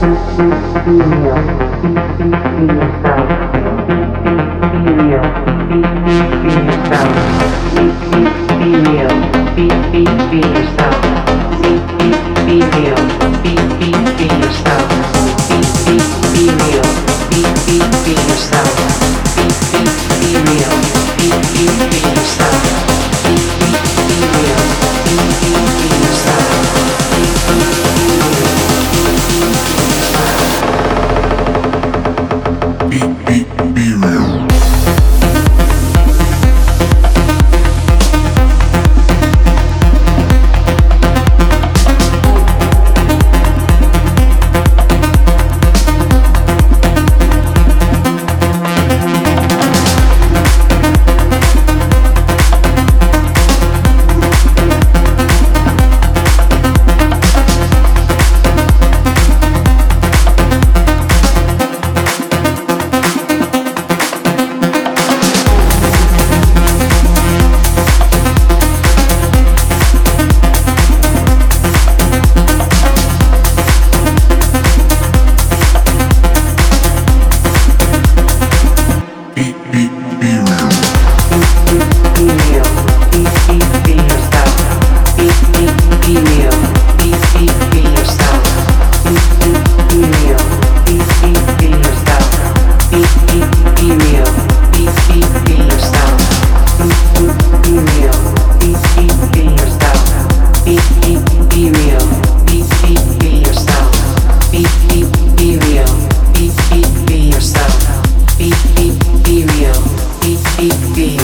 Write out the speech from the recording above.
Thank you. ¡Sí!